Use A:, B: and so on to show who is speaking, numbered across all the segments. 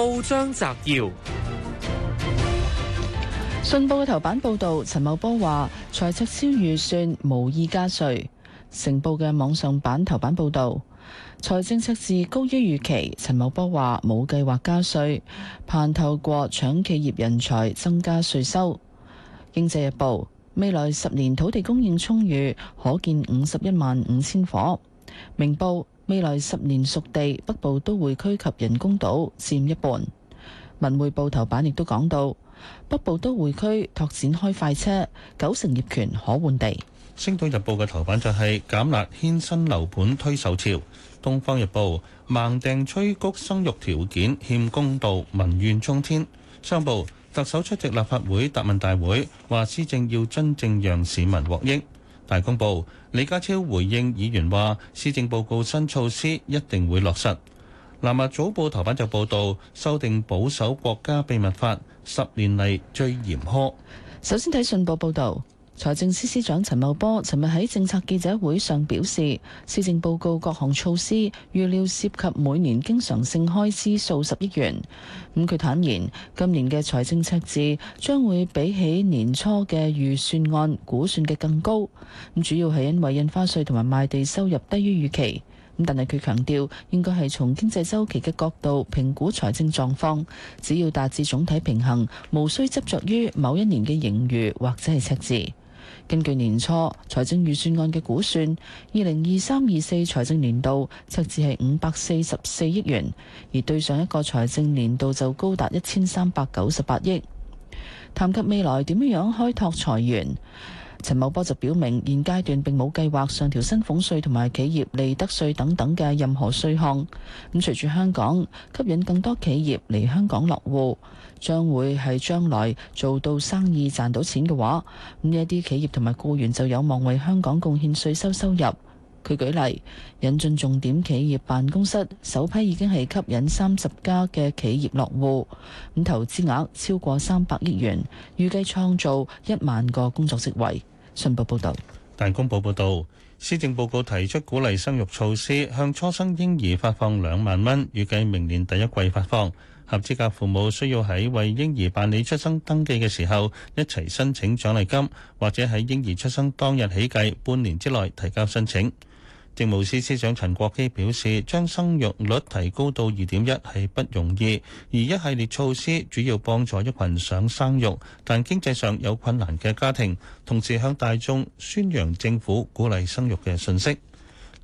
A: 報章摘要：信報嘅頭版報道陳茂波話，財赤超預算，無意加稅。成報嘅網上版頭版報道，財政赤字高於預期，陳茂波話冇計劃加稅，盼透過搶企業人才增加稅收。經濟日報未來十年土地供應充裕，可見五十一萬五千伙。明報。未來十年，熟地北部都會區及人工島佔一半。文匯報頭版亦都講到，北部都會區拓展開快車，九成業權可換地。
B: 星島日報嘅頭版就係，減辣牽新樓盤推售潮。《東方日報》盲定催谷生育，條件欠公道，民怨沖天。商報，特首出席立法會答問大會，話施政要真正讓市民獲益。大公報，李家超回應議員話，施政報告新措施一定會落實。南華早報頭版就報道，修訂保守國家秘密法，十年嚟最嚴苛。首先睇信報
A: 報導。財政司司長陳茂波尋日喺政策記者會上表示，施政報告各項措施預料涉及每年經常性開支數十億元。咁、嗯、佢坦言，今年嘅財政赤字將會比起年初嘅預算案估算嘅更高。咁主要係因為印花稅同埋賣地收入低於預期。咁但係佢強調，應該係從經濟周期嘅角度評估財政狀況，只要達至總體平衡，無需執著於某一年嘅盈餘或者係赤字。根據年初財政預算案嘅估算，二零二三二四財政年度赤字係五百四十四億元，而對上一個財政年度就高達一千三百九十八億。談及未來點樣開拓財源，陳茂波就表明，現階段並冇計劃上調薪俸稅同埋企業利得稅等等嘅任何稅項。咁隨住香港吸引更多企業嚟香港落戶，將會係將來做到生意賺到錢嘅話，咁呢一啲企業同埋僱員就有望為香港貢獻稅收收入。佢舉例，引進重點企業辦公室，首批已經係吸引三十家嘅企業落戶，咁投資額超過三百億元，預計創造一萬個工作職位。信報報道，
B: 大公報報道，施政報告提出鼓勵生育措施，向初生嬰兒發放兩萬蚊，預計明年第一季發放。合資格父母需要喺為嬰兒辦理出生登記嘅時候一齊申請獎勵金，或者喺嬰兒出生當日起計半年之內提交申請。政務司司長陳國基表示，將生育率提高到二點一係不容易，而一系列措施主要幫助一群想生育但經濟上有困難嘅家庭，同時向大眾宣揚政府鼓勵生育嘅訊息。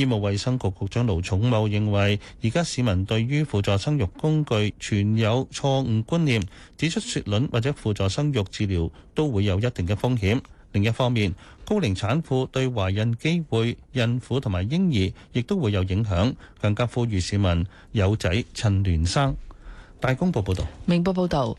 B: 醫務衛生局局長盧寵茂認為，而家市民對於輔助生育工具存有錯誤觀念，指出雪卵或者輔助生育治療都會有一定嘅風險。另一方面，高齡產婦對懷孕機會、孕婦同埋嬰兒亦都會有影響。更加呼籲市民有仔趁亂生。大公報報道，
A: 明報報道，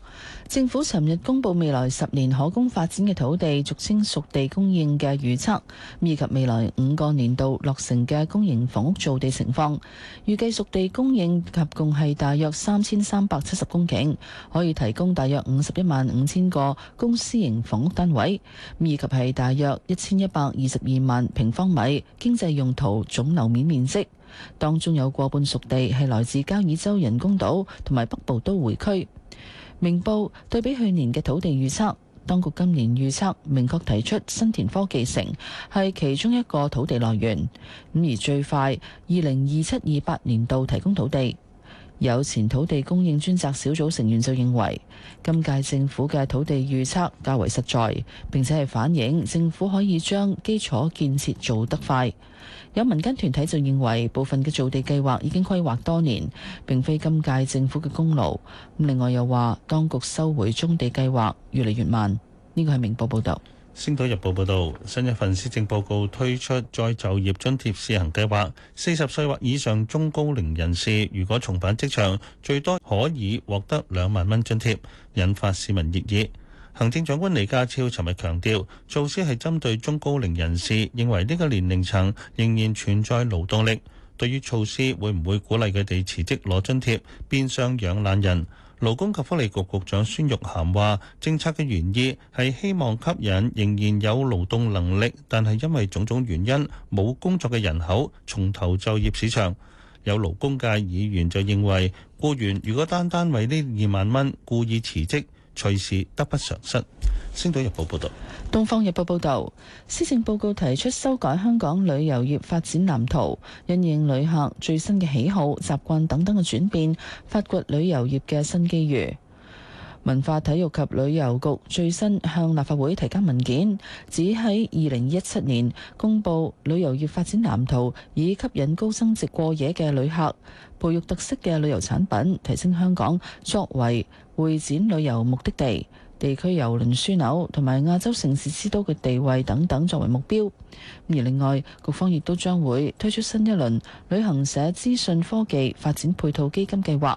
A: 政府尋日公布未來十年可供發展嘅土地，俗稱熟地供應嘅預測，以及未來五個年度落成嘅公營房屋造地情況。預計熟地供應合共係大約三千三百七十公頃，可以提供大約五十一萬五千個公私營房屋單位，以及係大約一千一百二十二萬平方米經濟用途總樓面面積。當中有過半熟地係來自交椅洲人工島同埋北部都會區。明報對比去年嘅土地預測，當局今年預測明確提出新田科技城係其中一個土地來源。咁而最快二零二七二八年度提供土地。有前土地供應專責小組成員就認為今屆政府嘅土地預測較為實在，並且係反映政府可以將基礎建設做得快。有民間團體就認為部分嘅造地計劃已經規劃多年，並非今屆政府嘅功勞。另外又話當局收回中地計劃越嚟越慢。呢個係明報報道。
B: 星島日報報道，新一份施政報告推出再就業津貼試行計劃，四十歲或以上中高齡人士如果重返職場，最多可以獲得兩萬蚊津貼，引發市民熱議。行政長官李家超尋日強調，措施係針對中高齡人士，認為呢個年齡層仍然存在勞動力。對於措施會唔會鼓勵佢哋辭職攞津貼，變相養懶人？勞工及福利局局長孫玉菡話：政策嘅原意係希望吸引仍然有勞動能力，但係因為種種原因冇工作嘅人口，從頭就業市場。有勞工界議員就認為，僱員如果單單為呢二萬蚊故意辭職，隨時得不償失。星島日報報道，
A: 東方日報報道，施政報告提出修改香港旅遊業發展藍圖，因應旅客最新嘅喜好、習慣等等嘅轉變，發掘旅遊業嘅新機遇。文化體育及旅遊局最新向立法會提交文件，指喺二零一七年公布旅遊業發展藍圖，以吸引高增值過夜嘅旅客，培育特色嘅旅遊產品，提升香港作為會展旅遊目的地地區郵輪樞紐同埋亞洲城市之都嘅地位等等作為目標。而另外，局方亦都將會推出新一輪旅行社資訊科技發展配套基金計劃，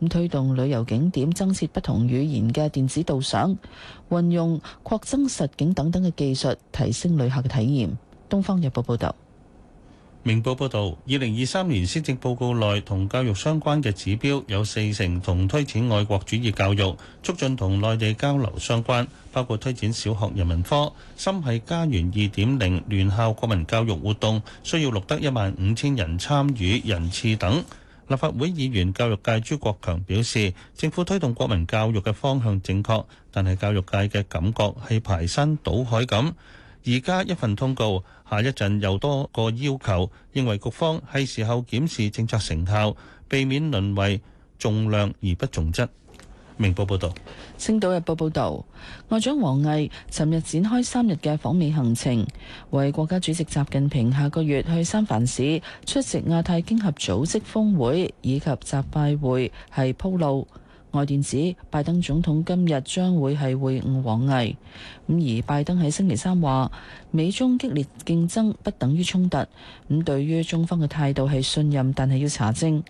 A: 咁推動旅遊景點增設不同語言嘅電子導賞，運用擴增實景等等嘅技術提升旅客嘅體驗。《東方日報》報道。
B: 明報報道，二零二三年施政報告內同教育相關嘅指標有四成同推展愛國主義教育、促進同內地交流相關，包括推展小學人文科、心繫家園二點零聯校國民教育活動，需要錄得一萬五千人參與人次等。立法會議員教育界朱國強表示，政府推動國民教育嘅方向正確，但係教育界嘅感覺係排山倒海咁。而家一份通告，下一陣又多個要求，認為局方係時候檢視政策成效，避免淪為重量而不重質。明報報道，
A: 星島日報報道，外長王毅尋日展開三日嘅訪美行程，為國家主席習近平下個月去三藩市出席亞太經合組織峰會以及習拜會係鋪路。外電指拜登總統今日將會係會晤王毅，咁而拜登喺星期三話美中激烈競爭不等於衝突，咁對於中方嘅態度係信任，但係要查證。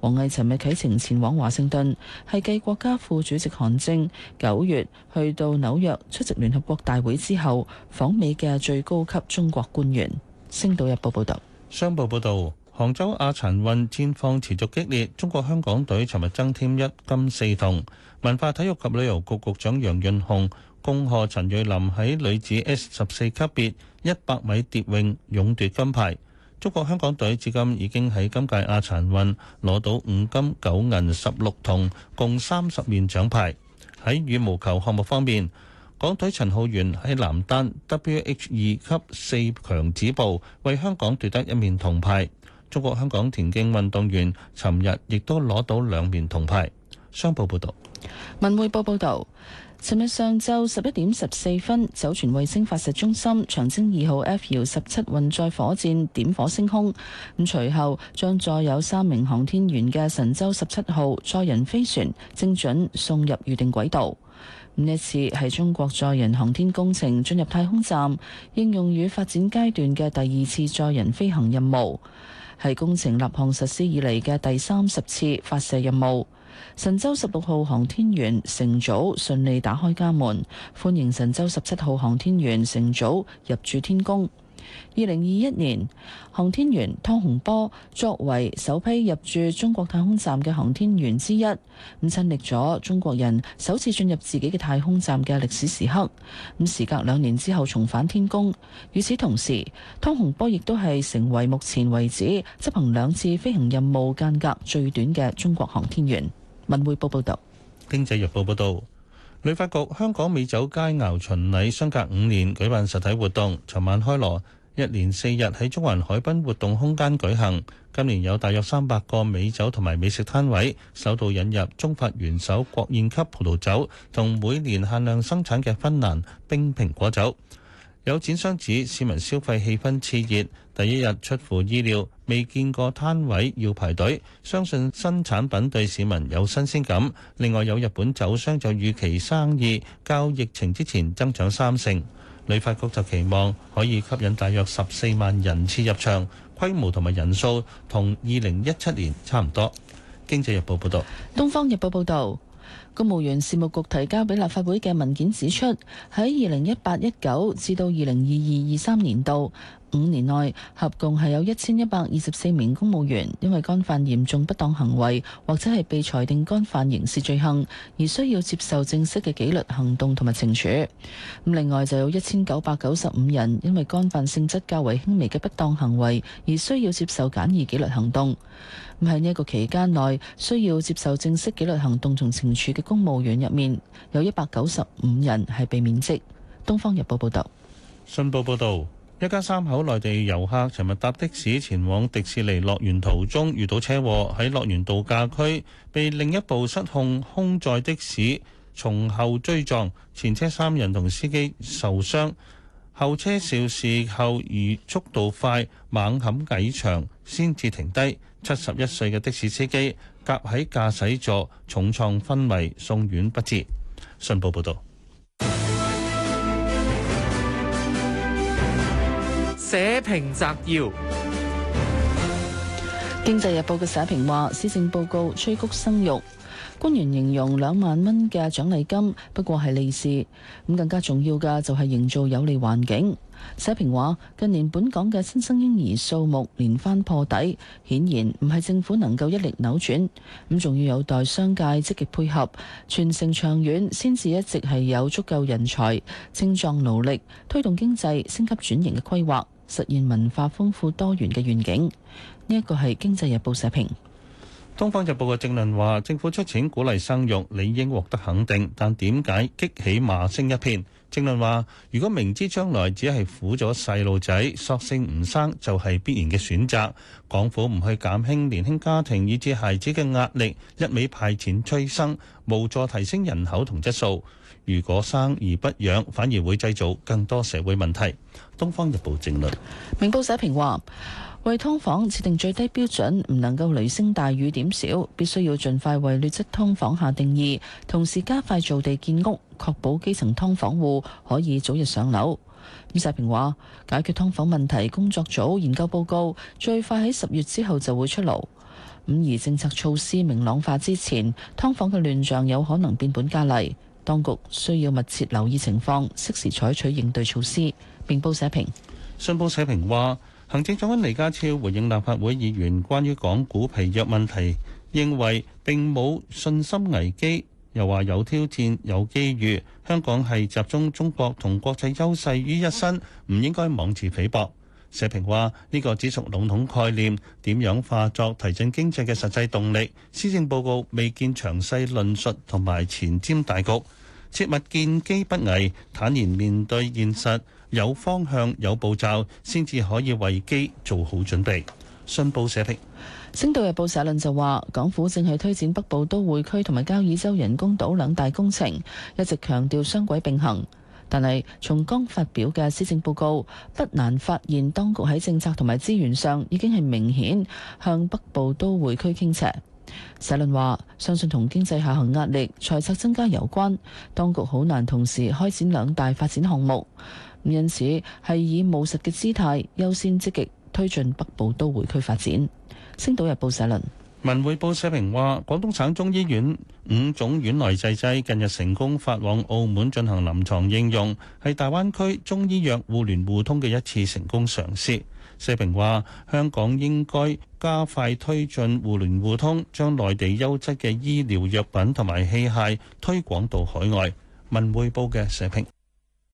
A: 王毅尋日啟程前往華盛頓，係繼國家副主席韓正九月去到紐約出席聯合國大會之後，訪美嘅最高級中國官員。星島日報報道。
B: 商報報導。杭州亞殘運戰況持續激烈，中國香港隊尋日增添一金四銅。文化體育及旅遊局局長楊潤雄恭賀陳瑞琳喺女子 S 十四級別一百米蝶泳勇奪金牌。中國香港隊至今已經喺今屆亞殘運攞到五金九銀十六銅，共三十面獎牌。喺羽毛球項目方面，港隊陳浩源喺男單 W H 二級四強止步，為香港奪得一面銅牌。中國香港田徑運動員尋日亦都攞到兩面銅牌。商報報道，
A: 文匯報報道，尋日上晝十一點十四分，酒泉衛星發射中心長征二號 F 遙十七運載火箭點火升空。咁隨後，將載有三名航天員嘅神舟十七號載人飛船精準送入預定軌道。呢次係中國載人航天工程進入太空站應用與發展階段嘅第二次載人飛行任務。係工程立項實施以嚟嘅第三十次發射任務，神舟十六號航天員乘組順利打開家門，歡迎神舟十七號航天員乘組入住天宮。二零二一年，航天員湯洪波作為首批入住中國太空站嘅航天員之一，咁親歷咗中國人首次進入自己嘅太空站嘅歷史時刻。咁時隔兩年之後，重返天宮。與此同時，湯洪波亦都係成為目前為止執行兩次飛行任務間隔最短嘅中國航天員。文匯報報道，
B: 經濟日報報道，旅發局香港美酒佳肴巡禮相隔五年舉辦實體活動，尋晚開鑼。一連四日喺中環海濱活動空間舉行，今年有大約三百個美酒同埋美食攤位，首度引入中法元首國宴級葡萄酒同每年限量生產嘅芬蘭冰蘋果酒。有展商指市民消費氣氛熾熱，第一日出乎意料，未見過攤位要排隊。相信新產品對市民有新鮮感。另外有日本酒商就預期生意較疫情之前增長三成。旅發局就期望可以吸引大約十四萬人次入場，規模同埋人數同二零一七年差唔多。經濟日報報道，
A: 東方日報報道，公務員事務局提交俾立法會嘅文件指出，喺二零一八一九至到二零二二二三年度。五年內，合共係有一千一百二十四名公務員因為干犯嚴重不當行為，或者係被裁定干犯刑事罪行，而需要接受正式嘅紀律行動同埋懲處。咁另外就有一千九百九十五人因為干犯性質較為輕微嘅不當行為，而需要接受簡易紀律行動。咁喺呢一個期間內，需要接受正式紀律行動同懲處嘅公務員入面，有一百九十五人係被免職。東方日報報道，
B: 新報報道。一家三口內地遊客尋日搭的士前往迪士尼樂園途中遇到車禍，喺樂園度假區被另一部失控空載的士從後追撞，前車三人同司機受傷，後車肇事後移速度快猛冚尾場先至停低。七十一歲嘅的士司機夾喺駕駛座重創昏迷，送院不治。信報報導。社
A: 評摘要：經濟日報嘅社評話，施政報告催谷生育，官員形容兩萬蚊嘅獎勵金不過係利是，咁更加重要嘅就係營造有利環境。社評話，近年本港嘅新生嬰兒數目連番破底，顯然唔係政府能夠一力扭轉，咁仲要有待商界積極配合，傳承長遠，先至一直係有足夠人才、青壯勞力推動經濟升級轉型嘅規劃。實現文化豐富多元嘅願景，呢、這、一個係《經濟日報》社評。
B: 《東方日報》嘅政論話：政府出錢鼓勵生育，理應獲得肯定，但點解激起罵聲一片？正論話：如果明知將來只係苦咗細路仔，索性唔生就係必然嘅選擇。港府唔去減輕年輕家庭以至孩子嘅壓力，一味派錢催生，無助提升人口同質素。如果生而不養，反而會製造更多社會問題。《東方日報》正論。
A: 明報社評話：為劏房設定最低標準，唔能夠雷聲大雨點小，必須要盡快為劣質劏房下定義，同時加快造地建屋。確保基層劏房戶可以早日上樓。社評話：解決劏房問題工作組研究報告最快喺十月之後就會出爐。而政策措施明朗化之前，劏房嘅亂象有可能變本加厲，當局需要密切留意情況，適時採取應對措施。並報社評。
B: 信報社評話：行政長官李家超回應立法會議員關於港股疲弱問題，認為並冇信心危機。又話有挑戰有機遇，香港係集中中國同國際優勢於一身，唔應該妄自菲薄。社評話呢個只屬籠統概念，點樣化作提振經濟嘅實際動力？施政報告未見詳細論述同埋前瞻大局，切勿見機不危，坦然面對現實，有方向有步驟，先至可以為機做好準備。信報社評。
A: 星島日報社論就話，港府正係推展北部都會區同埋交椅洲人工島兩大工程，一直強調雙軌並行。但係從剛發表嘅施政報告，不難發現當局喺政策同埋資源上已經係明顯向北部都會區傾斜。社論話，相信同經濟下行壓力、財策增加有關，當局好難同時開展兩大發展項目。因此係以務實嘅姿態，優先積極。推進北部都會區發展。星島日報社論。
B: 文匯報社評話，廣東省中醫院五種院內製劑近日成功發往澳門進行臨牀應用，係大灣區中醫藥互聯互通嘅一次成功嘗試。社評話，香港應該加快推進互聯互通，將內地優質嘅醫療藥品同埋器械推廣到海外。文匯報嘅社評。